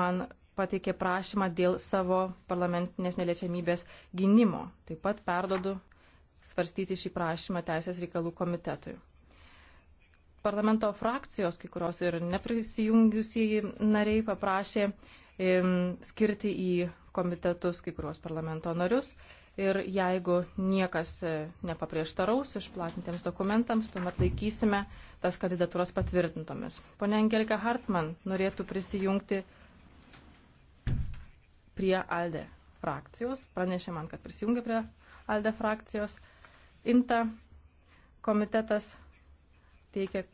man pateikė prašymą dėl savo parlamentinės neliečiamybės gynimo. Taip pat perdodu svarstyti šį prašymą Teisės reikalų komitetui. Parlamento frakcijos, kai kurios ir neprisijungusieji nariai paprašė im, skirti į komitetus kai kuriuos parlamento narius. Ir jeigu niekas e, nepaprieštaraus išplatintiems dokumentams, tuomet laikysime tas kandidatūras patvirtintomis. Pone Angelika Hartman norėtų prisijungti prie ALDE frakcijos, pranešė man, kad prisijungė prie ALDE frakcijos. INTA komitetas teikia